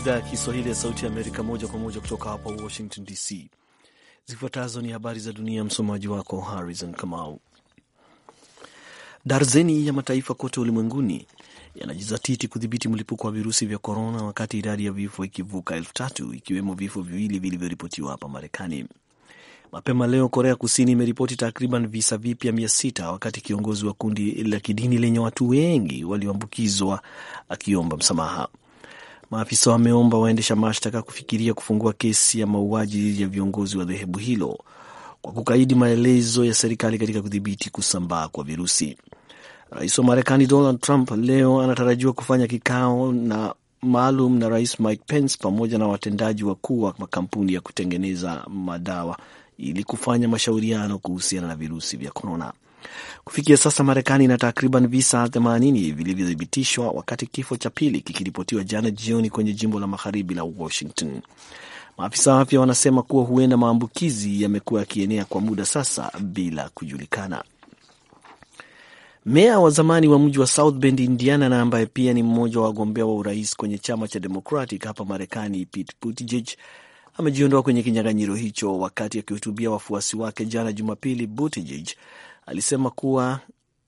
idhaa ya Kiswahili ya Sauti ya Amerika moja kwa moja kutoka hapa Washington DC. Zifuatazo ni habari za dunia, msomaji wako Harrison Kamau. Darzeni ya mataifa kote ulimwenguni yanajizatiti kudhibiti mlipuko wa virusi vya korona, wakati idadi ya vifo ikivuka elfu tatu ikiwemo vifo viwili vilivyoripotiwa hapa Marekani. Mapema leo Korea Kusini imeripoti takriban visa vipya mia sita wakati kiongozi wa kundi la kidini lenye watu wengi walioambukizwa akiomba msamaha. Maafisa wameomba waendesha mashtaka kufikiria kufungua kesi ya mauaji dhidi ya viongozi wa dhehebu hilo kwa kukaidi maelezo ya serikali katika kudhibiti kusambaa kwa virusi. Rais wa Marekani Donald Trump leo anatarajiwa kufanya kikao na maalum na Rais Mike Pence pamoja na watendaji wakuu wa makampuni ya kutengeneza madawa ili kufanya mashauriano kuhusiana na virusi vya korona. Kufikia sasa Marekani ina takriban visa 80 vilivyothibitishwa, wakati kifo cha pili kikiripotiwa jana jioni kwenye jimbo la magharibi la Washington. Maafisa wa afya wanasema kuwa huenda maambukizi yamekuwa yakienea kwa muda sasa bila kujulikana. Meya wa zamani wa mji wa South Bend, Indiana, na ambaye pia ni mmoja wa wagombea wa urais kwenye chama cha Democratic hapa Marekani, Pete Buttigieg amejiondoa kwenye kinyang'anyiro hicho. Wakati akihutubia wafuasi wake jana Jumapili, Buttigieg alisema kuwa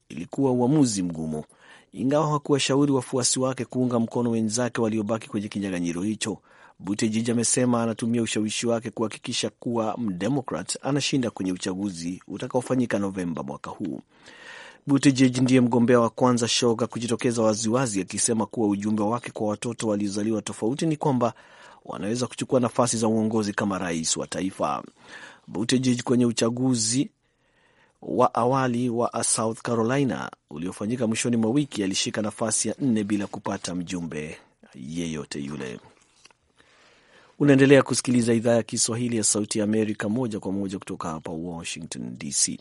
ilikuwa uamuzi mgumu, ingawa hakuwashauri wafuasi wake kuunga mkono wenzake waliobaki kwenye kinyang'anyiro hicho. Buttigieg amesema anatumia ushawishi wake kuhakikisha kuwa mdemokrat anashinda kwenye uchaguzi utakaofanyika Novemba mwaka huu. Buttigieg ndiye mgombea wa kwanza shoga kujitokeza waziwazi, akisema kuwa ujumbe wake kwa watoto waliozaliwa tofauti ni kwamba wanaweza kuchukua nafasi za uongozi kama rais wa taifa. Buttigieg kwenye uchaguzi wa awali wa South Carolina uliofanyika mwishoni mwa wiki alishika nafasi ya nne bila kupata mjumbe yeyote yule. Unaendelea kusikiliza idhaa ya Kiswahili ya Sauti ya Amerika moja kwa moja kutoka hapa Washington DC.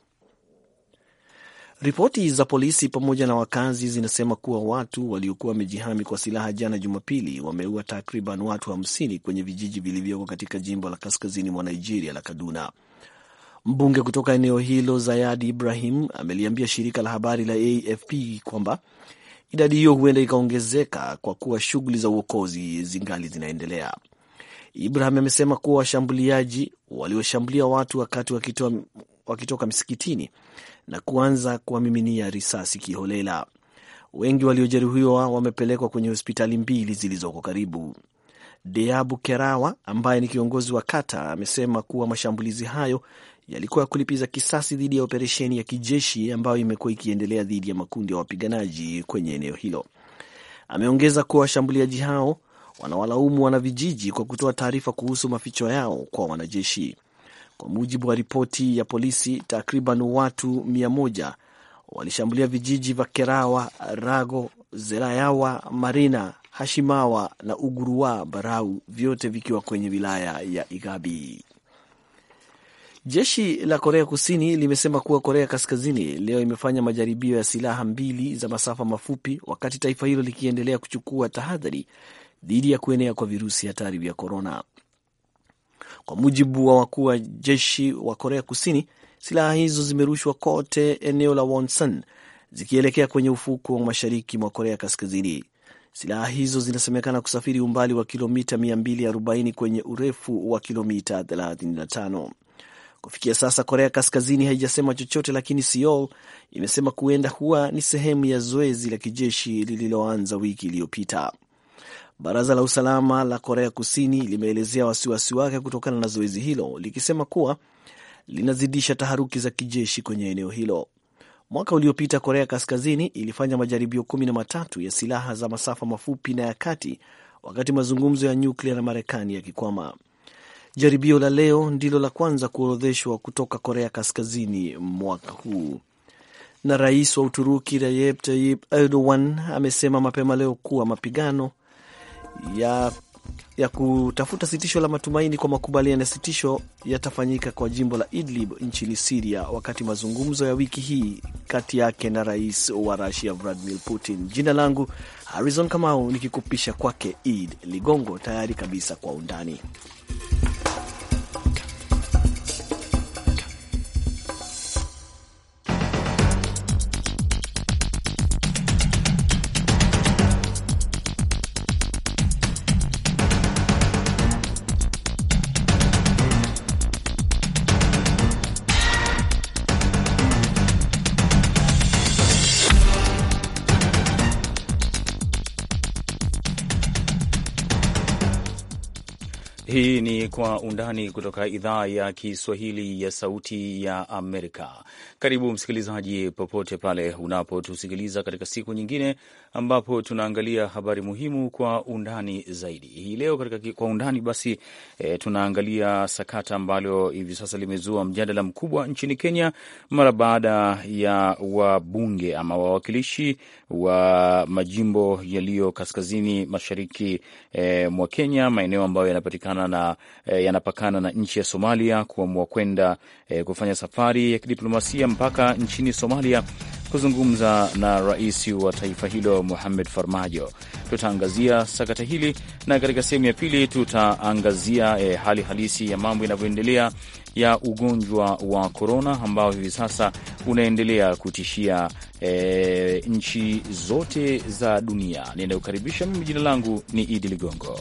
Ripoti za polisi pamoja na wakazi zinasema kuwa watu waliokuwa wamejihami kwa silaha jana Jumapili wameua takriban watu hamsini kwenye vijiji vilivyoko katika jimbo la kaskazini mwa Nigeria la Kaduna. Mbunge kutoka eneo hilo Zayadi Ibrahim ameliambia shirika la habari la AFP kwamba idadi hiyo huenda ikaongezeka kwa kuwa shughuli za uokozi zingali zinaendelea. Ibrahim amesema kuwa washambuliaji walioshambulia watu wakati wakitoka msikitini na kuanza kuwamiminia risasi kiholela. Wengi waliojeruhiwa wamepelekwa kwenye hospitali mbili zilizoko karibu. Deabu Kerawa ambaye ni kiongozi wa kata amesema kuwa mashambulizi hayo yalikuwa ya kulipiza kisasi dhidi ya operesheni ya kijeshi ambayo imekuwa ikiendelea dhidi ya makundi ya wapiganaji kwenye eneo hilo. Ameongeza kuwa washambuliaji hao wanawalaumu wanavijiji kwa kutoa taarifa kuhusu maficho yao kwa wanajeshi. Kwa mujibu wa ripoti ya polisi, takriban watu mia moja walishambulia vijiji vya Kerawa, Rago, Zerayawa, Marina, Hashimawa na Uguruwa Barau, vyote vikiwa kwenye wilaya ya Igabi. Jeshi la Korea Kusini limesema kuwa Korea Kaskazini leo imefanya majaribio ya silaha mbili za masafa mafupi, wakati taifa hilo likiendelea kuchukua tahadhari dhidi ya kuenea kwa virusi hatari vya korona. Kwa mujibu wa wakuu wa jeshi wa Korea Kusini, silaha hizo zimerushwa kote eneo la Wonsan zikielekea kwenye ufuko wa mashariki mwa Korea Kaskazini. Silaha hizo zinasemekana kusafiri umbali wa kilomita 240 kwenye urefu wa kilomita 35. Kufikia sasa Korea Kaskazini haijasema chochote, lakini Seoul imesema kuenda huwa ni sehemu ya zoezi la kijeshi lililoanza wiki iliyopita. Baraza la usalama la Korea Kusini limeelezea wasiwasi wake kutokana na zoezi hilo likisema kuwa linazidisha taharuki za kijeshi kwenye eneo hilo. Mwaka uliopita Korea Kaskazini ilifanya majaribio kumi na matatu ya silaha za masafa mafupi na ya kati, wakati mazungumzo ya nyuklia na Marekani yakikwama. Jaribio la leo ndilo la kwanza kuorodheshwa kutoka Korea Kaskazini mwaka huu. Na rais wa Uturuki Recep Tayyip Erdogan amesema mapema leo kuwa mapigano ya, ya kutafuta sitisho la matumaini kwa makubaliano ya sitisho yatafanyika kwa jimbo la Idlib nchini Siria wakati mazungumzo ya wiki hii kati yake na rais wa Rusia Vladimir Putin. Jina langu Harrison Kamau nikikupisha kwake Id Ligongo, tayari kabisa kwa undani Kwa Undani kutoka idhaa ya Kiswahili ya Sauti ya Amerika. Karibu msikilizaji, popote pale unapotusikiliza katika siku nyingine ambapo tunaangalia habari muhimu kwa undani zaidi. Hii leo katika Kwa Undani basi e, tunaangalia sakata ambalo hivi sasa limezua mjadala mkubwa nchini Kenya mara baada ya wabunge ama wawakilishi wa majimbo yaliyo kaskazini mashariki e, mwa Kenya, maeneo ambayo yanapatikana na e, yanapakana na nchi ya Somalia kuamua kwenda e, kufanya safari ya kidiplomasia mpaka nchini Somalia kuzungumza na rais wa taifa hilo Mohamed Farmajo. Tutaangazia sakata hili na katika sehemu ya pili tutaangazia e, hali halisi ya mambo yanavyoendelea ya ugonjwa wa korona ambao hivi sasa unaendelea kutishia e, nchi zote za dunia. Ninayokaribisha mimi, jina langu ni Idi Ligongo.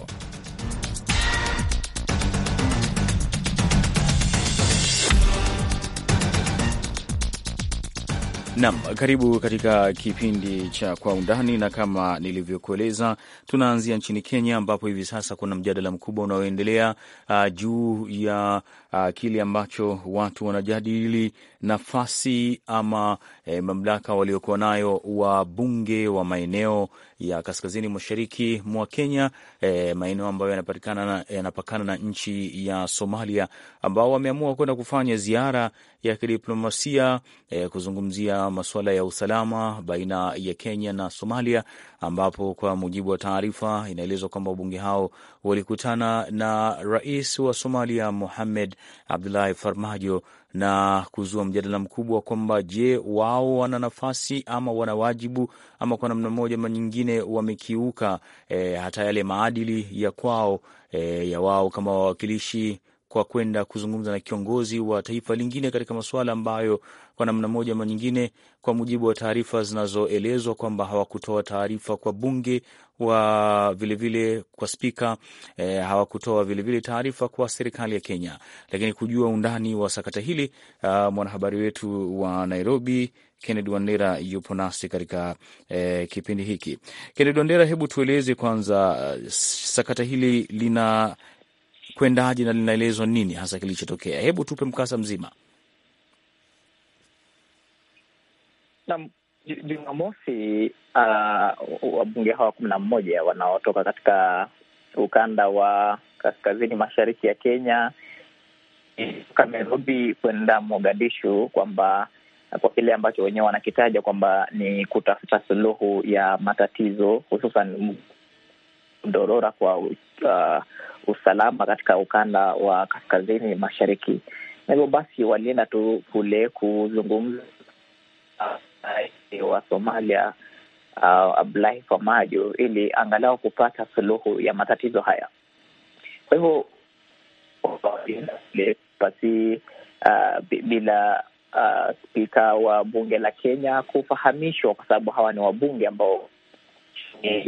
Nam, karibu katika kipindi cha Kwa Undani, na kama nilivyokueleza, tunaanzia nchini Kenya ambapo hivi sasa kuna mjadala mkubwa unaoendelea uh, juu ya uh, kile ambacho watu wanajadili nafasi ama eh, mamlaka waliokuwa nayo wa bunge wa maeneo ya kaskazini mashariki mwa Kenya, e, maeneo ambayo yanapatikana na, yanapakana na nchi ya Somalia, ambao wameamua kwenda kufanya ziara ya kidiplomasia e, kuzungumzia masuala ya usalama baina ya Kenya na Somalia, ambapo kwa mujibu wa taarifa inaelezwa kwamba wabunge hao walikutana na rais wa Somalia Mohamed Abdullahi Farmajo na kuzua mjadala mkubwa kwamba je, wao wana nafasi ama wana wajibu ama kwa namna moja ama nyingine wamekiuka e, hata yale maadili ya kwao e, ya wao kama wawakilishi kwa kwenda kuzungumza na kiongozi wa taifa lingine katika masuala ambayo kwa namna moja ama nyingine, kwa mujibu wa taarifa zinazoelezwa kwamba hawakutoa taarifa kwa bunge wa vilevile vile kwa spika e, hawakutoa vilevile taarifa kwa serikali ya Kenya. Lakini kujua undani wa sakata hili uh, mwanahabari wetu wa Nairobi Kennedy Wandera yupo nasi katika e, kipindi hiki. Kennedy Wandera, hebu tueleze kwanza ah, sakata hili lina kwendaje na linaelezwa nini hasa kilichotokea? Hebu tupe mkasa mzima. Naam, Jumamosi uh, wabunge hawa kumi na mmoja wanaotoka katika ukanda wa kaskazini mashariki ya Kenya kutoka Nairobi kwenda Mogadishu kwamba kwa kile ambacho wenyewe wanakitaja kwamba ni kutafuta suluhu ya matatizo hususan mdorora kwa uh, usalama katika ukanda wa kaskazini mashariki, na hivyo basi walienda tu kule kuzungumza uh, wa Somalia uh, Abdulahi Farmajo ili angalau kupata suluhu ya matatizo haya. Kwa hivyo basi uh, bila uh, spika wa bunge la Kenya kufahamishwa, kwa sababu hawa ni wabunge ambao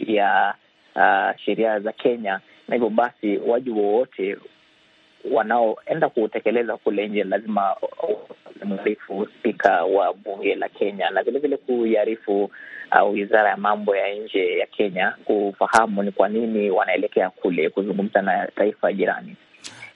ya uh, sheria za Kenya na hivyo basi waji wowote wanaoenda kuutekeleza kule nje lazima mwarifu spika wa bunge la Kenya na vilevile kuiarifu uh, wizara ya mambo ya nje ya Kenya kufahamu ni kwa nini wanaelekea kule kuzungumza na taifa jirani.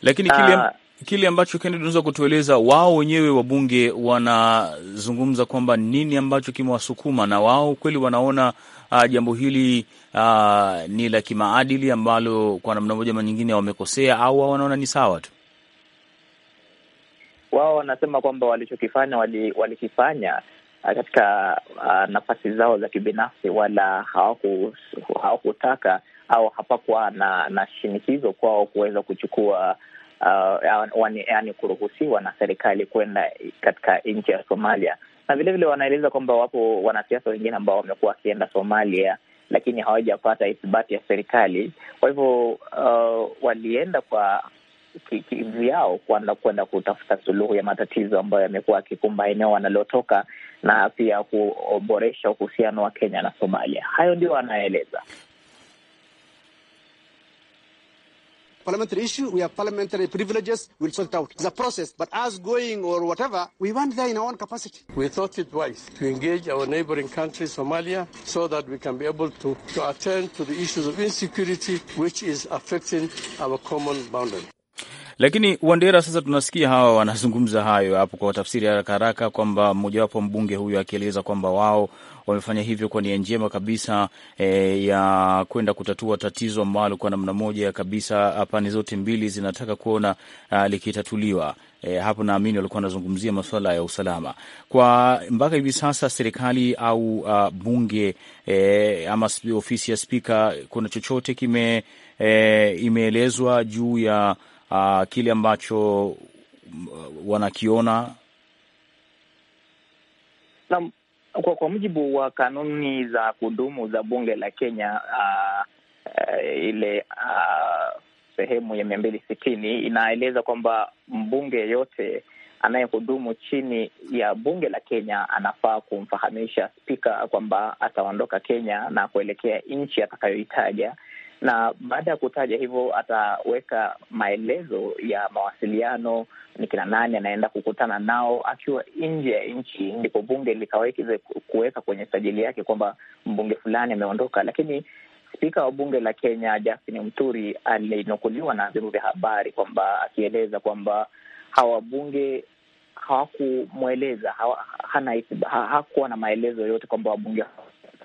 Lakini uh, kile ambacho Kennedy unaweza kutueleza, wao wenyewe wabunge wanazungumza kwamba nini ambacho kimewasukuma, na wao kweli wanaona uh, jambo hili uh, ni la kimaadili ambalo kwa namna moja ama nyingine wamekosea, au wao wanaona ni sawa tu? Wao wanasema kwamba walichokifanya walikifanya ah, katika uh, nafasi zao za kibinafsi, wala hawakutaka hawaku au hapakuwa na, na shinikizo kwao kuweza kuchukua uh, yani yaani kuruhusiwa na serikali kwenda katika nchi ya Somalia, na vilevile wanaeleza kwamba wapo wanasiasa wengine ambao wamekuwa wakienda Somalia lakini hawajapata ithibati ya serikali. Kwa hivyo uh, walienda kwa vyao kwenda kwenda kutafuta suluhu ya matatizo ambayo yamekuwa akikumba eneo wanalotoka na pia kuboresha uhusiano wa Kenya na Somalia. Hayo ndio wanaeleza. parliamentary issue. We have parliamentary privileges. We'll sort it out. The process, but us going or whatever, we went there in our own capacity. We thought it wise to engage our neighboring country, Somalia, so that we can be able to, to attend to the issues of insecurity which is affecting our common boundary. Lakini Wandera, sasa tunasikia hawa wanazungumza hayo hapo kwa tafsiri haraka haraka, kwamba mmojawapo mbunge huyo akieleza kwamba wao wamefanya hivyo kwa nia njema kabisa e, ya kwenda kutatua tatizo ambalo kwa namna moja kabisa ah, pande zote mbili zinataka kuona a, ah, likitatuliwa. E, hapo naamini walikuwa wanazungumzia masuala ya usalama kwa mpaka hivi sasa serikali au a, ah, bunge e, ama ofisi ya spika, kuna chochote kime e, imeelezwa juu ya uh, kile ambacho mm, wanakiona na, kwa, kwa mujibu wa kanuni za kudumu za bunge la Kenya uh, uh, ile uh, sehemu ya mia mbili sitini inaeleza kwamba mbunge yeyote anayehudumu chini ya bunge la Kenya anafaa kumfahamisha spika kwamba ataondoka Kenya na kuelekea nchi atakayoitaja na baada ya kutaja hivyo ataweka maelezo ya mawasiliano, ni kina nani anaenda kukutana nao akiwa nje ya nchi. Ndipo bunge likawekeze kuweka kwenye sajili yake kwamba mbunge fulani ameondoka. Lakini spika wa bunge la Kenya Justin Muturi alinukuliwa na vyombo vya habari kwamba akieleza kwamba hawa wabunge hawakumweleza hakuwa na maelezo yote kwamba wabunge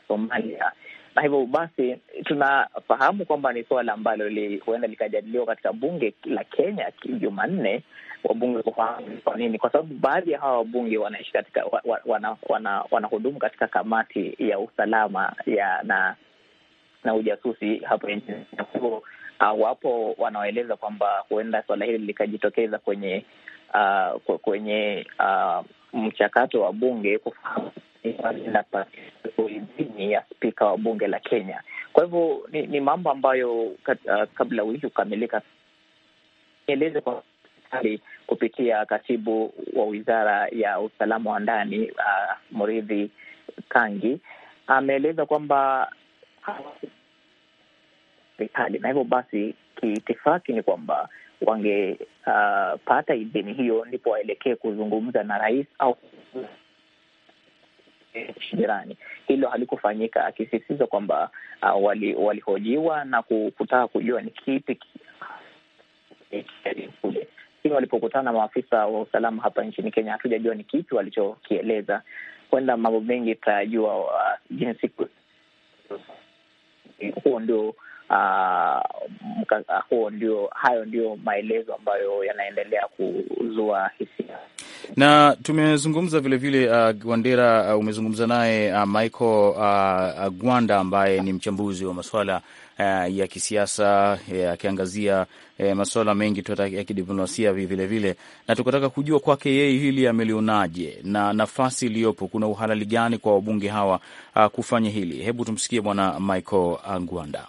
Somalia na hivyo basi tunafahamu kwamba ni suala ambalo huenda likajadiliwa katika bunge la Kenya Jumanne, wabunge kufahamu kwa nini, kwa sababu baadhi ya hawa wabunge wanaishi katika wanahudumu wana, wana, wana katika kamati ya usalama ya na na ujasusi hapo nchini. Uh, wapo wanaoeleza kwamba huenda suala hili likajitokeza kwenye uh, kwenye uh, mchakato wa bunge kufahamu idhini ya spika wa bunge la Kenya. Kwa hivyo ni, ni mambo ambayo kat, uh, kabla wiki kukamilika, nieleze kwa serikali kupitia katibu wa wizara ya usalama wa ndani uh, Murithi Kangi ameeleza kwamba serikali na hivyo basi kiitifaki ni kwamba wangepata uh, idhini hiyo ndipo waelekee kuzungumza na rais au jirani. Hilo halikufanyika, akisisitiza kwamba uh, walihojiwa wali na kutaka kujua ni kipi kule walipokutana na maafisa wa usalama hapa nchini Kenya, hatujajua ni kipi walichokieleza. Kwenda mambo mengi tutayajua uh, ah, jinsi huo ndio uh, huo ndio hayo ndio maelezo ambayo yanaendelea kuzua hisia na tumezungumza vilevile uh, Gwandera, uh, umezungumza naye uh, Michael uh, uh Gwanda ambaye ni mchambuzi wa masuala uh, ya kisiasa eh, akiangazia uh, eh, masuala mengi ya kidiplomasia vilevile, na tukataka kujua kwake yeye hili amelionaje na nafasi iliyopo, kuna uhalali gani kwa wabunge hawa uh, kufanya hili. Hebu tumsikie Bwana Michael uh, Gwanda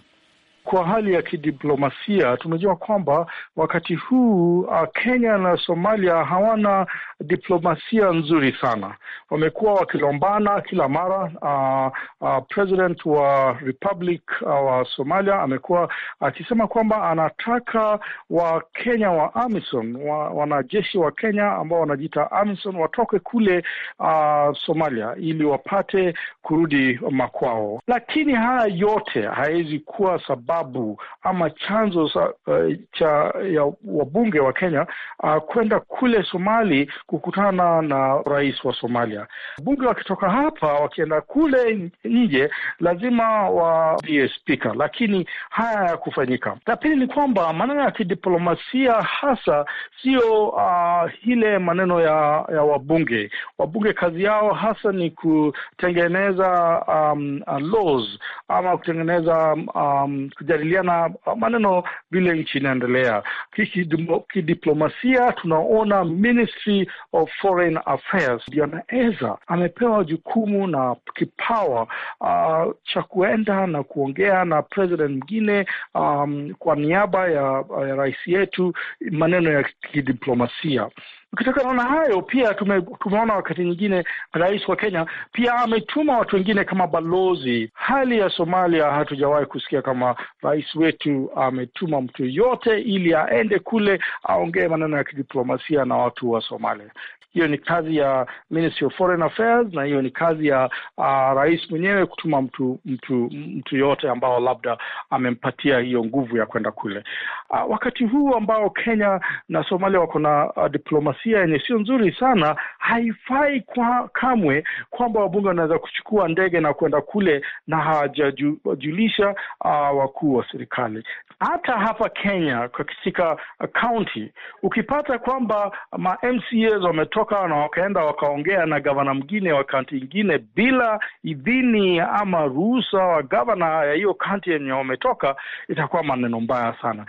kwa hali ya kidiplomasia, tunajua kwamba wakati huu uh, Kenya na Somalia hawana diplomasia nzuri sana, wamekuwa wakilombana kila mara. Uh, uh, president wa Republic uh, wa Somalia amekuwa akisema uh, kwamba anataka Wakenya wa AMISON wa, wanajeshi wa Kenya ambao wanajiita AMISON watoke kule uh, Somalia ili wapate kurudi makwao, lakini haya yote hawezi kuwa sababu sababu ama chanzo sa, uh, cha ya wabunge wa Kenya uh, kwenda kule Somali kukutana na rais wa Somalia. Wabunge wakitoka hapa wakienda kule nje lazima waie spika, lakini haya kufanyika. La pili ni kwamba maneno ya kidiplomasia hasa sio uh, ile maneno ya, ya wabunge. Wabunge kazi yao hasa ni kutengeneza um, laws ama kutengeneza um, kujadiliana ah, maneno vile nchi inaendelea. Kidiplomasia tunaona Ministry of Foreign Affairs ndio anaweza amepewa jukumu na kipawa uh, cha kuenda na kuongea na president mwingine um, kwa niaba ya, ya rais yetu maneno ya kidiplomasia. Kutokana na hayo pia tume, tumeona wakati nyingine rais wa Kenya pia ametuma watu wengine kama balozi. Hali ya Somalia hatujawahi kusikia kama rais wetu ametuma mtu yote ili aende kule aongee maneno ya kidiplomasia na watu wa Somalia. Hiyo ni kazi ya Ministry of Foreign Affairs na hiyo ni kazi ya uh, rais mwenyewe kutuma mtu mtu mtu yote ambao labda amempatia hiyo nguvu ya kwenda kule. Uh, wakati huu ambao Kenya na Somalia wako na uh, diplomasia demokrasia yenye sio nzuri sana. Haifai kwa kamwe kwamba wabunge wanaweza kuchukua ndege na kwenda kule na hawajajulisha uh, wakuu wa serikali. Hata hapa Kenya katika kaunti, uh, ukipata kwamba ma MCAs wametoka na wakaenda wakaongea na gavana mwingine wa kaunti ingine bila idhini ama ruhusa wa gavana ya hiyo kaunti yenye wametoka, itakuwa maneno mbaya sana.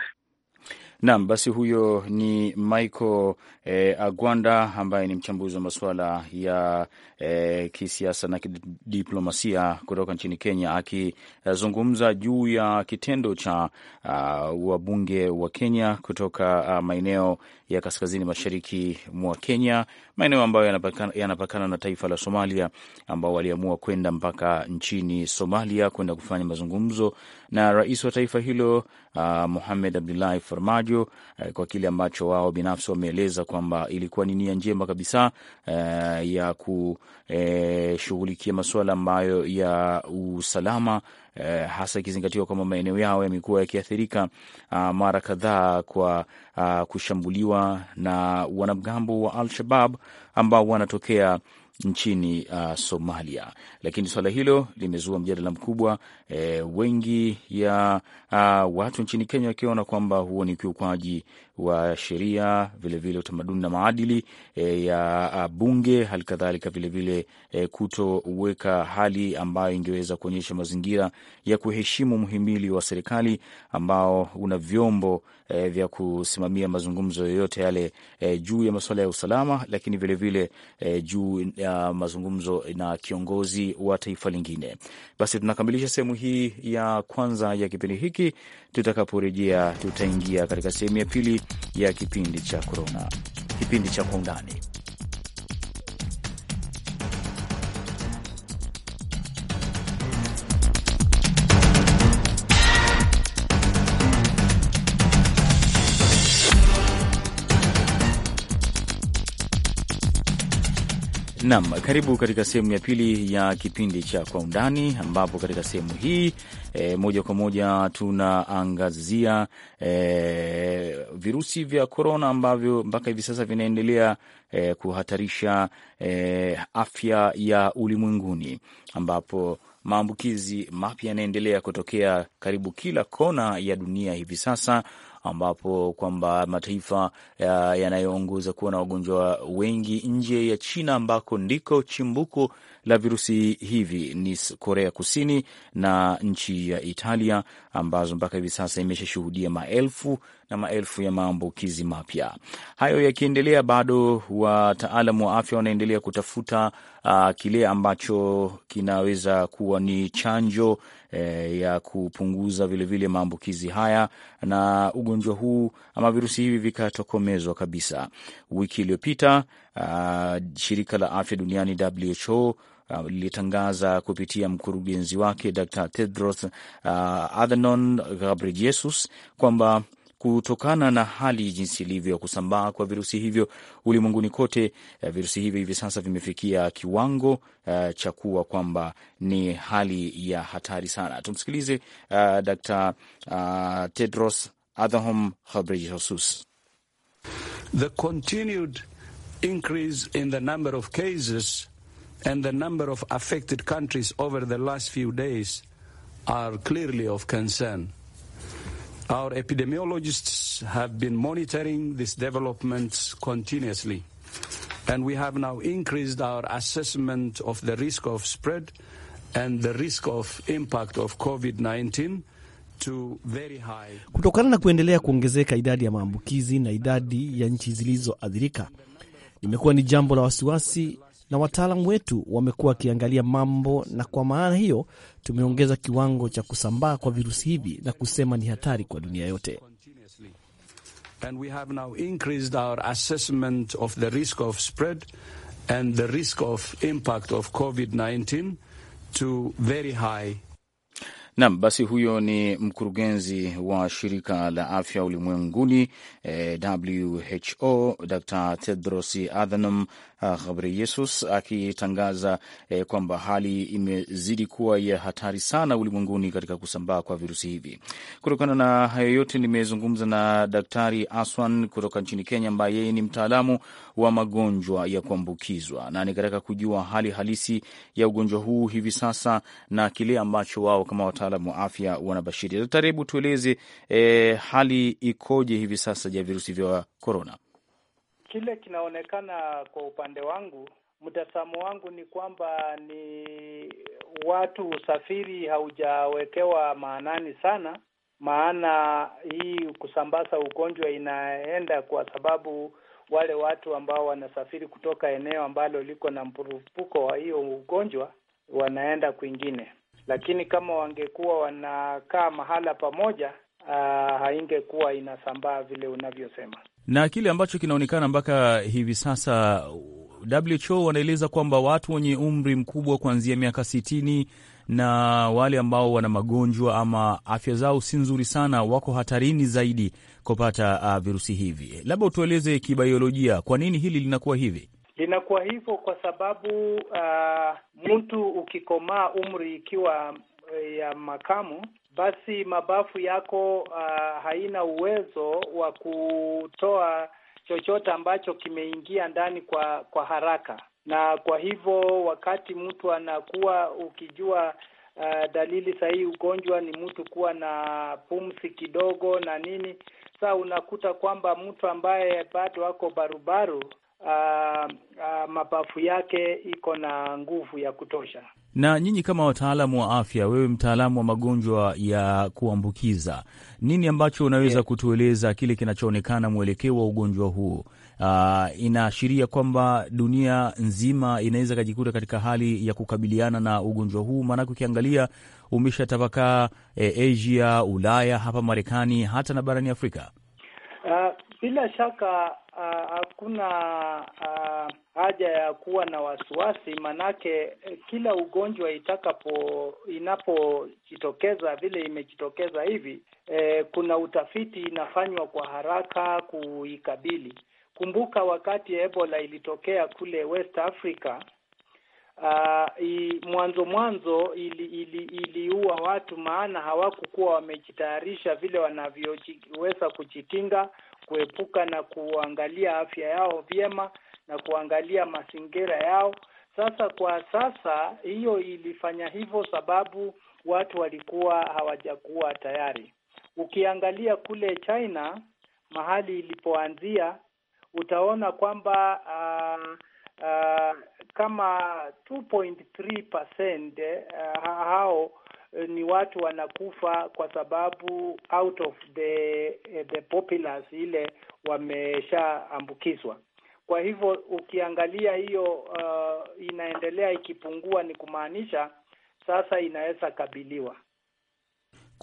Naam, basi huyo ni Michael e, Agwanda ambaye ni mchambuzi wa masuala ya e, kisiasa na kidiplomasia kutoka nchini Kenya, akizungumza juu ya kitendo cha uh, wabunge wa Kenya kutoka uh, maeneo ya kaskazini mashariki mwa Kenya, maeneo ambayo yanapakana, yanapakana na taifa la Somalia, ambao waliamua kwenda mpaka nchini Somalia kwenda kufanya mazungumzo na rais wa taifa hilo uh, Mohamed Abdullahi Farmajo uh, kwa kile ambacho wao binafsi wameeleza kwamba ilikuwa ni nia njema kabisa eh, ya kushughulikia eh, masuala ambayo ya usalama eh, hasa ikizingatiwa kwamba maeneo yao yamekuwa yakiathirika ah, mara kadhaa kwa ah, kushambuliwa na wanamgambo wa Al-Shabab ambao wanatokea nchini uh, Somalia. Lakini suala hilo limezua mjadala mkubwa e, wengi ya uh, watu nchini Kenya wakiona kwamba huo ni ukiukwaji wa sheria, vilevile utamaduni na maadili e, ya ah, bunge, kadhalika vilevile e, eh, kutoweka hali ambayo ingeweza kuonyesha mazingira ya kuheshimu mhimili wa serikali ambao una vyombo e, vya kusimamia mazungumzo yoyote yale e, juu ya masuala ya usalama, lakini vilevile e, juu ya ah, mazungumzo na kiongozi wa taifa lingine. Basi tunakamilisha sehemu hii ya kwanza ya kipindi hiki muziki. Tutakaporejea tutaingia katika sehemu ya pili ya kipindi cha korona, kipindi cha kwa undani. Nam, karibu katika sehemu ya pili ya kipindi cha Kwa Undani, ambapo katika sehemu hii e, moja kwa moja tunaangazia e, virusi vya korona ambavyo mpaka hivi sasa vinaendelea e, kuhatarisha e, afya ya ulimwenguni, ambapo maambukizi mapya yanaendelea kutokea karibu kila kona ya dunia hivi sasa ambapo kwamba mataifa yanayoongoza kuwa na wagonjwa wengi nje ya China ambako ndiko chimbuko la virusi hivi ni Korea Kusini na nchi ya Italia ambazo mpaka hivi sasa imeshashuhudia maelfu na maelfu ya maambukizi mapya. Hayo yakiendelea, bado wataalam wa afya wanaendelea kutafuta uh, kile ambacho kinaweza kuwa ni chanjo E, ya kupunguza vilevile maambukizi haya na ugonjwa huu ama virusi hivi vikatokomezwa kabisa. Wiki iliyopita uh, shirika la afya duniani WHO lilitangaza uh, kupitia mkurugenzi wake Dr. Tedros uh, Adhanom Ghebreyesus kwamba Kutokana na hali jinsi ilivyo ya kusambaa kwa virusi hivyo ulimwenguni kote, eh, virusi hivyo hivi sasa vimefikia kiwango uh, cha kuwa kwamba ni hali ya hatari sana. Tumsikilize uh, Dr. uh, Tedros Adhanom Ghebreyesus. The continued increase in the number of cases and the number of affected countries over the last few days are clearly of concern. Our epidemiologists have been monitoring this development continuously, and we have now increased our assessment of the risk of spread and the risk of impact of COVID-19 to very high. Kutokana na kuendelea kuongezeka idadi ya maambukizi na idadi ya nchi zilizoathirika, imekuwa ni jambo la wasiwasi na wataalam wetu wamekuwa wakiangalia mambo, na kwa maana hiyo tumeongeza kiwango cha kusambaa kwa virusi hivi na kusema ni hatari kwa dunia yote. Nam, basi huyo ni mkurugenzi wa shirika la afya ulimwenguni eh, WHO Dr Tedros Adhanom Ghebreyesus ah, akitangaza eh, kwamba hali imezidi kuwa ya hatari sana ulimwenguni katika kusambaa kwa virusi hivi. Kutokana na hayo yote, nimezungumza na Daktari Aswan kutoka nchini Kenya, ambaye yeye ni mtaalamu wa magonjwa ya kuambukizwa na nikataka kujua hali halisi ya ugonjwa huu hivi sasa na kile ambacho wao kama wataalamu wa afya wanabashiri. Daktari, hebu tueleze eh, hali ikoje hivi sasa ya virusi vya korona? Kile kinaonekana kwa upande wangu, mtazamo wangu ni kwamba ni watu usafiri haujawekewa maanani sana, maana hii kusambaza ugonjwa inaenda kwa sababu wale watu ambao wanasafiri kutoka eneo ambalo liko na mpurupuko wa hiyo ugonjwa wanaenda kwingine, lakini kama wangekuwa wanakaa mahala pamoja Ah, haingekuwa inasambaa vile unavyosema, na kile ambacho kinaonekana mpaka hivi sasa WHO wanaeleza kwamba watu wenye umri mkubwa kuanzia miaka sitini na wale ambao wana magonjwa ama afya zao si nzuri sana wako hatarini zaidi kupata uh, virusi hivi. Labda utueleze kibiolojia, kwa nini hili linakuwa hivi? Linakuwa hivyo kwa sababu uh, mtu ukikomaa umri ikiwa eh, ya makamu basi mabafu yako uh, haina uwezo wa kutoa chochote ambacho kimeingia ndani kwa kwa haraka, na kwa hivyo wakati mtu anakuwa ukijua Uh, dalili sahihi ugonjwa ni mtu kuwa na pumzi kidogo na nini. saa unakuta kwamba mtu ambaye bado ako barubaru uh, uh, mapafu yake iko na nguvu ya kutosha. Na nyinyi kama wataalamu wa afya, wewe mtaalamu wa magonjwa ya kuambukiza, nini ambacho unaweza yeah, kutueleza kile kinachoonekana mwelekeo wa ugonjwa huu? Uh, inaashiria kwamba dunia nzima inaweza ikajikuta katika hali ya kukabiliana na ugonjwa huu, maanake ukiangalia umeshatapakaa eh, Asia, Ulaya, hapa Marekani, hata na barani Afrika. Uh, bila shaka hakuna haja ya kuwa na wasiwasi, manake e, kila ugonjwa itakapo inapojitokeza vile imejitokeza hivi eh, kuna utafiti inafanywa kwa haraka kuikabili. Kumbuka wakati Ebola ilitokea kule West Africa uh, i, mwanzo mwanzo ili, ili, iliua watu, maana hawakukuwa wamejitayarisha vile wanavyoweza kujikinga, kuepuka na kuangalia afya yao vyema na kuangalia mazingira yao. Sasa kwa sasa hiyo ilifanya hivyo sababu watu walikuwa hawajakuwa tayari. Ukiangalia kule China mahali ilipoanzia utaona kwamba uh, uh, kama 2.3% uh, hao eh, ni watu wanakufa kwa sababu out of the eh, the populace ile wameshaambukizwa. Kwa hivyo ukiangalia hiyo uh, inaendelea ikipungua, ni kumaanisha sasa inaweza kabiliwa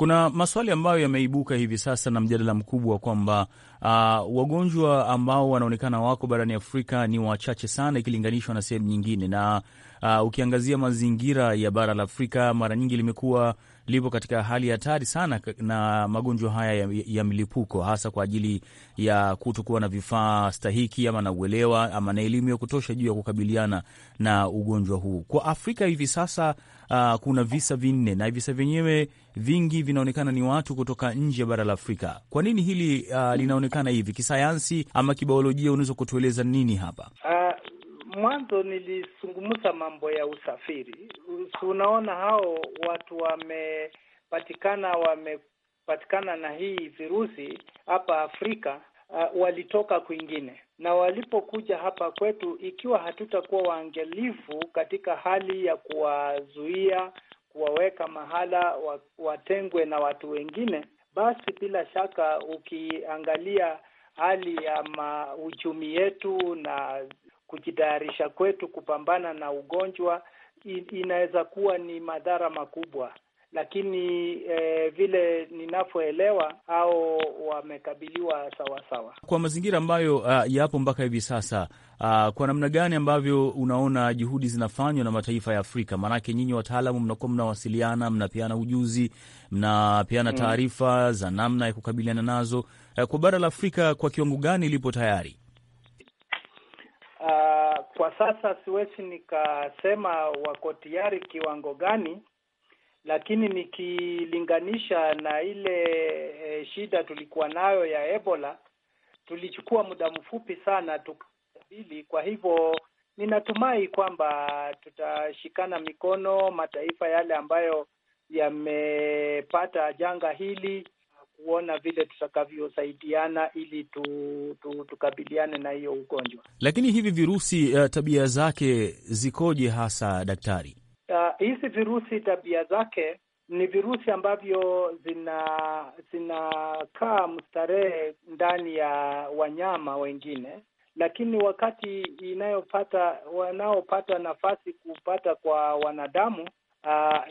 kuna maswali ambayo yameibuka hivi sasa na mjadala mkubwa kwamba uh, wagonjwa ambao wanaonekana wako barani Afrika ni wachache sana ikilinganishwa na sehemu nyingine, na Uh, ukiangazia mazingira ya bara la Afrika mara nyingi limekuwa lipo katika hali hatari sana na magonjwa haya ya, ya milipuko hasa kwa ajili ya kutokuwa na vifaa stahiki ama na uelewa ama na elimu ya kutosha juu ya kukabiliana na ugonjwa huu. Kwa Afrika hivi sasa uh, kuna visa vinne na visa vyenyewe vingi vinaonekana ni watu kutoka nje ya bara la Afrika. Kwa nini hili uh, linaonekana hivi kisayansi ama kibiolojia? Unaweza kutueleza nini hapa? uh mwanzo nilizungumza mambo ya usafiri. Unaona hao watu wamepatikana wamepatikana na hii virusi hapa Afrika uh, walitoka kwingine na walipokuja hapa kwetu, ikiwa hatutakuwa waangalifu katika hali ya kuwazuia, kuwaweka mahala watengwe na watu wengine, basi bila shaka ukiangalia hali ya uchumi yetu na kujitayarisha kwetu kupambana na ugonjwa inaweza kuwa ni madhara makubwa, lakini eh, vile ninavyoelewa au wamekabiliwa sawasawa sawa. Kwa mazingira ambayo uh, yapo mpaka hivi sasa uh, kwa namna gani ambavyo unaona juhudi zinafanywa na mataifa ya Afrika? Maanake nyinyi wataalamu mnakuwa mnawasiliana, mnapeana ujuzi, mnapeana mm. taarifa mm, za namna ya kukabiliana nazo. Uh, kwa bara la Afrika kwa kiwango gani ilipo tayari? Uh, kwa sasa siwezi nikasema wako tayari kiwango gani, lakini nikilinganisha na ile e, shida tulikuwa nayo ya Ebola, tulichukua muda mfupi sana tukabili. Kwa hivyo ninatumai kwamba tutashikana mikono, mataifa yale ambayo yamepata janga hili kuona vile tutakavyosaidiana ili tu, tu, tukabiliane na hiyo ugonjwa. Lakini hivi virusi uh, tabia zake zikoje hasa daktari? Uh, hizi virusi tabia zake ni virusi ambavyo zina zinakaa mstarehe ndani ya wanyama wengine, lakini wakati inayopata wanaopata nafasi kupata kwa wanadamu uh,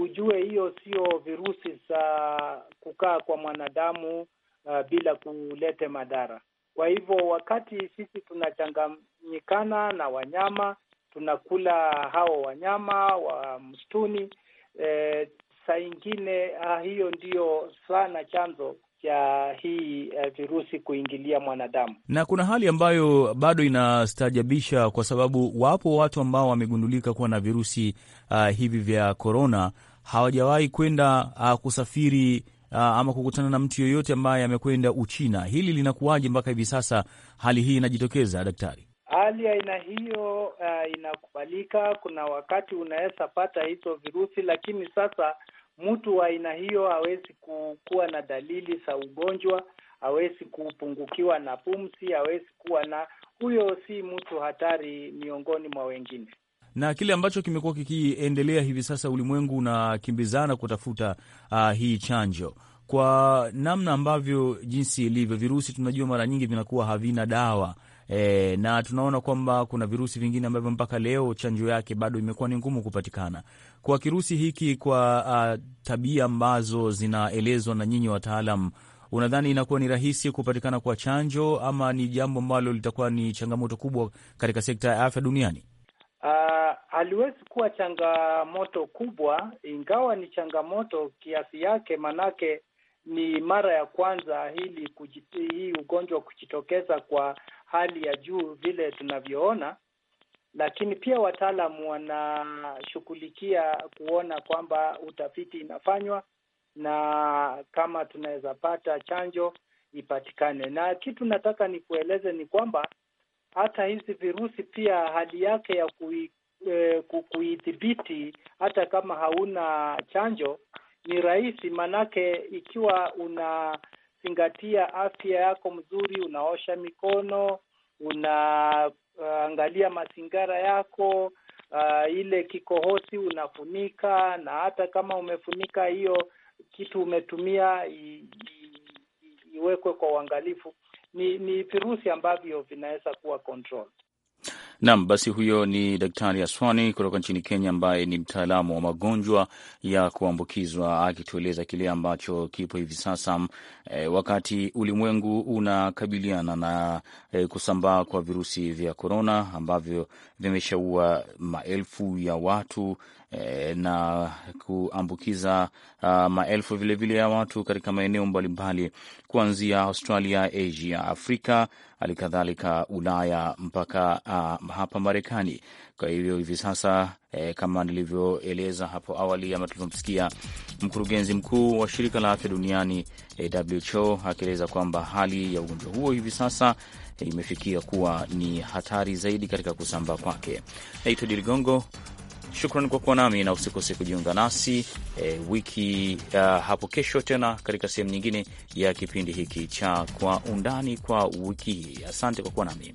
ujue hiyo sio virusi za kukaa kwa mwanadamu uh, bila kulete madhara. Kwa hivyo wakati sisi tunachanganyikana na wanyama, tunakula hao wanyama wa msituni, eh, saa ingine ah, hiyo ndiyo sana chanzo ya hii eh, virusi kuingilia mwanadamu, na kuna hali ambayo bado inastajabisha kwa sababu wapo watu ambao wamegundulika kuwa na virusi uh, hivi vya korona hawajawahi kwenda uh, kusafiri uh, ama kukutana na mtu yoyote ambaye amekwenda Uchina. Hili linakuwaje mpaka hivi sasa hali hii inajitokeza, daktari? Hali ya aina hiyo uh, inakubalika. Kuna wakati unaweza pata hizo virusi, lakini sasa mtu wa aina hiyo hawezi kuwa na dalili za ugonjwa, hawezi kupungukiwa na pumzi, hawezi kuwa na huyo, si mtu hatari miongoni mwa wengine. Na kile ambacho kimekuwa kikiendelea hivi sasa, ulimwengu unakimbizana kutafuta uh, hii chanjo kwa namna ambavyo jinsi ilivyo virusi, tunajua mara nyingi vinakuwa havina dawa e, na tunaona kwamba kuna virusi vingine ambavyo mpaka leo chanjo yake bado imekuwa ni ngumu kupatikana. Kwa kirusi hiki, kwa a, tabia ambazo zinaelezwa na nyinyi wataalam, unadhani inakuwa ni rahisi kupatikana kwa chanjo ama ni jambo ambalo litakuwa ni changamoto kubwa katika sekta ya afya duniani? Haliwezi aliwezi kuwa changamoto kubwa, ingawa ni changamoto kiasi yake, manake ni mara ya kwanza hili hii ugonjwa kujitokeza kwa hali ya juu vile tunavyoona, lakini pia wataalamu wanashughulikia kuona kwamba utafiti inafanywa na kama tunaweza pata chanjo ipatikane. Na kitu nataka nikueleze ni kwamba hata hizi virusi pia hali yake ya kui, eh, kuidhibiti hata kama hauna chanjo ni rahisi, manake ikiwa una unazingatia afya yako mzuri, unaosha mikono, unaangalia uh, mazingira yako uh, ile kikohosi unafunika, na hata kama umefunika hiyo kitu umetumia iwekwe kwa uangalifu. Ni, ni virusi ambavyo vinaweza kuwa control. Naam, basi huyo ni Daktari Aswani kutoka nchini Kenya, ambaye ni mtaalamu wa magonjwa ya kuambukizwa akitueleza kile ambacho kipo hivi sasa, e, wakati ulimwengu unakabiliana na e, kusambaa kwa virusi vya korona ambavyo vimeshaua maelfu ya watu E, na kuambukiza uh, maelfu vilevile ya watu katika maeneo mbalimbali kuanzia Australia, Asia, Afrika, halikadhalika Ulaya mpaka uh, hapa Marekani. Kwa hivyo hivi sasa eh, kama nilivyoeleza hapo awali ama tulivyomsikia mkurugenzi mkuu wa shirika la afya duniani eh, WHO akieleza kwamba hali ya ugonjwa huo hivi sasa eh, imefikia kuwa ni hatari zaidi katika kusambaa kwake. Naitwa Diligongo. Shukran kwa kuwa nami na usikose kujiunga nasi e, wiki uh, hapo kesho tena katika sehemu nyingine ya kipindi hiki cha Kwa Undani kwa wiki hii. Asante kwa kuwa nami.